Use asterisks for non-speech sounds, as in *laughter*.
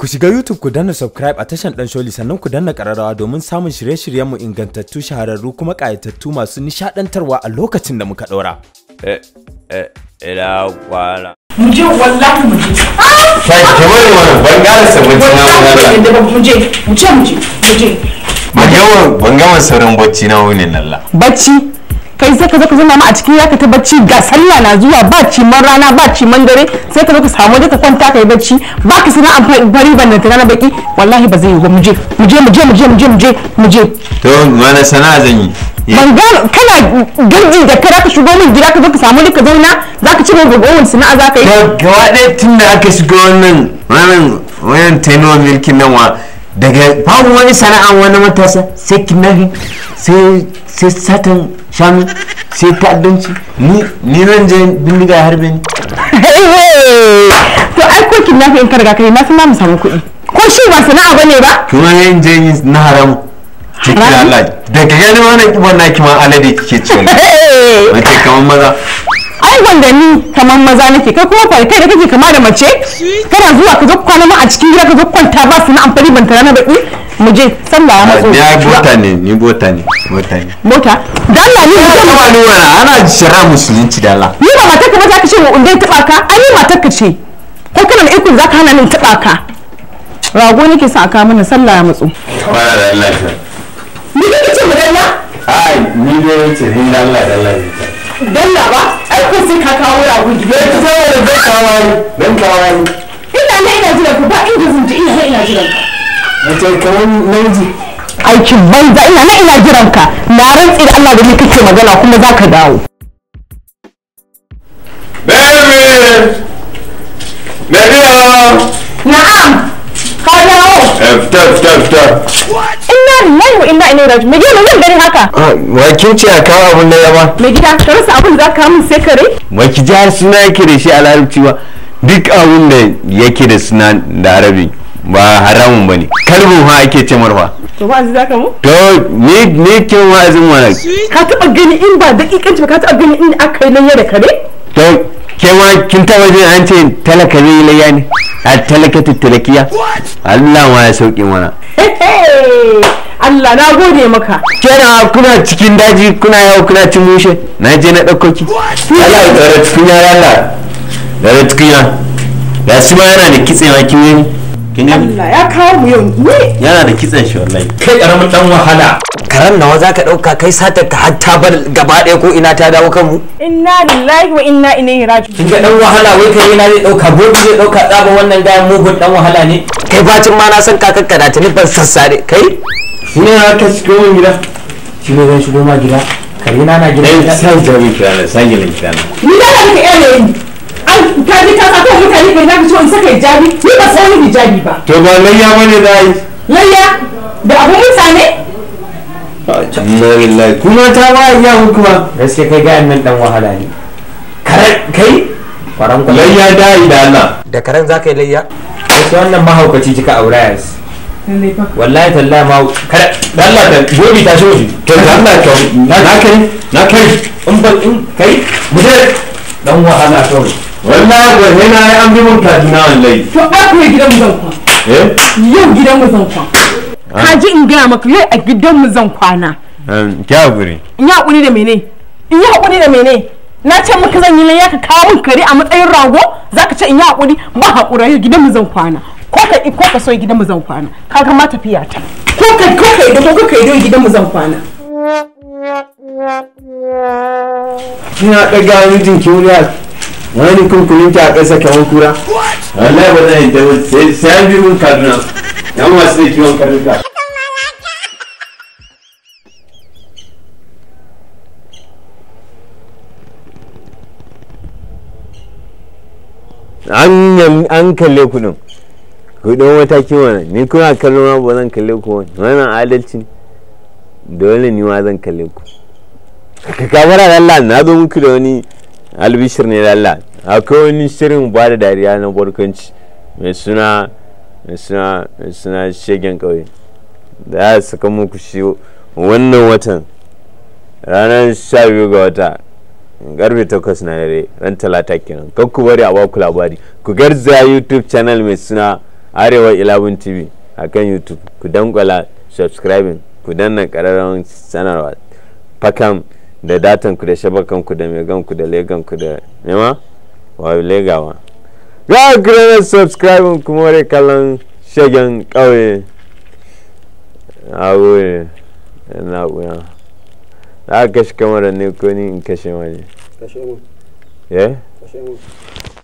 Ku shiga YouTube ku danna subscribe a tashan Dan Sholi sannan ku danna ƙararrawa domin samun shirye-shiryenmu ingantattu shahararru kuma ƙayatattu masu nishaɗantarwa a lokacin da muka ɗora. Eh, eh, ila kwana. Mu je wallahi mu je. Sai ke bari mana ban gane sabon cina wani nan. Mu je, mu je, mu je, mu je. sauran bacci na wuni lalla. Bacci? kai sai ka zo ka zauna ma a cikin ya ka ta bacci ga sallah na zuwa ba ci man rana ba ci man dare sai ka zo ka samu wajen ka kwanta ka yi bacci ba ka sana an bari ban nan na baki wallahi ba zai yi ba mu je mu je mu je mu je mu je mu je mu je to wani sana'a zan yi ban gano kana girgi da kada ka shigo min gida ka zo ka samu ni ka zauna za ka ci gaba gowon sana'a za ka yi gaba ɗaya tun da aka shigo wannan wannan wannan tainuwa milkin nan wa daga babu wani sana'a wani matasa sai kidnapping sai satan shanu sai ta'addanci ni nan je bindiga ya harbe ni to ai ko kidnapping ka karga kai na san mu samu kuɗi ko shi ba sana'a bane ba kuma yin je yin na haram cikin Allah daga ganin wannan kiban naki ma alade kike ciwo mace kamar maza ai ni kamar maza nake kai kuma kai da kake kama da mace kana zuwa ka zo kwana ma a cikin gida ka zo kwanta ba su na amfani ban tana baki mu je san ya matso ni bota ne ni bota ne bota ne bota da Allah ni ba ma ni wala ana shara musulunci da Allah ni ba matar ka ba ka ce mu dai taba ka ai matar ka ce ko kana da ikon zaka hana ni taba ka rago nake sa aka mana sallah ya matso wala da Allah ni ne ce mu dalla ai ni ne ce ni Allah da Allah dalla ba kun *laughs* sai ka kawo ragu ne ta zama da zai kawai dan kawai ina na ina jiran ku ba inda zan ji ina na ina jiran ka wace kamar namiji aikin banza ina na ina jiran ka na rantsi da Allah da ni kake magana kuma za ka dawo baby Maria na'am ka dawo eh, fita fita fita lillahi wa inna ilaihi raji mai gida zan gani haka ah, wa kin ce a abun da yawa mai gida ka rasa abun za ka mun sai kare ba ki ji har suna yake da shi a larabci ba duk abun da yake da suna da arabi ba haramun bane kalbu ha ake ce marfa to wa'azi zaka mu to ni ni wa wa'azin wa ka taba gani in ba dakikanci ce ka taba gani in aka yi lanya da kare to ke ma kin taba jin an ce talaka ne layya ne a talaka talakiya Allah ma ya sauke mana Allah na gode maka kenan kuna cikin daji kuna yawo kuna cin mushe na je na ɗauko ki Allah ya tsara cikin ya Allah tsara cikin ya ga shi ma yana da kitse ma kin yi kin Allah ya kawo mu yau ne. yana da kitsen shi wallahi kai karamin dan wahala karan nawa zaka dauka kai satar ka har ta bar gaba ɗaya ko ina ta dawo kanmu inna lillahi wa inna ilaihi raji'un kin ga dan wahala wai kai yana zai dauka gobe zai dauka tsaba wannan gayan mugun dan wahala ne kai bacin ma na san kakakka da tuni ban sassare kai shi ne ka shigo min gida shi ne zan shigo ma gida kare na na gida ya sa da min kira na sai gidan kira na ni da na ka ere ni an ka ji ka saka mutane kai na ka so in saka hijabi ni ba sai ni hijabi ba to ba layya bane dai layya da abun mutane Alhamdulillah kuma ta ba iya hukuma gaske kai ga nan dan wahala ne kai faran layya dai da Allah da karen zaka yi layya sai wannan mahaukaci kika aura yanzu wallahi tallahi ma kada Allah ta gobi ta shoji to Allah ka na kai na kai in ba in kai mutai dan wahala to wallahi ba sai na yi an bi mun kaduna wallahi to ba ku gidan mu zan kwa eh yau gidan mu zan kwa ah. ka ji in gaya maka yau a gidan mu zan kwana um, ki hakuri in y'a kuni da mene in y'a kuni da mene na ce maka zan yi ne ya ka kawo mun kare a matsayin rago zaka ce in yi hakuri ba hakura yau gidan mu zan kwana ko ka ko ka so gidan mu zan kwana kaga ma tafiya ta ko ka ko ka ido ko ka ido gidan mu zan kwana kina daga mijin ki wuriya wani kunkunin ta a ƙasa kamar kura wallahi ba zan yi da sai sai bi mun kaduna yan wasu ne kiwon karnuka an kalle kuɗin ku ɗan mataki wannan ni kuna kallon ma ba zan kalle ku wannan adalci ne dole ni ma zan kalle ku ka kamar Allah na zo muku da wani albishir ne da Allah akwai wani shirin ba da dariya na barkwanci mai suna mai suna mai suna shegen ƙauye da ya saka muku shi wannan watan ranar sha biyu ga wata garbe takwas na dare ran talata kenan kan ku bari a baku labari ku garza youtube channel mai suna arewa 11 tv a kan youtube ku dankwala subscribing ku danna kararrawan sanarwa fakan da datan ku da shabakan ku da megan ku da legan ku da nema wa legawa ga kira subscribing kuma wani kallon shagen kauye agoye na kuna za a kashe kamarar ne ko ni in kashe wani kashe mu ya eh? kashe mu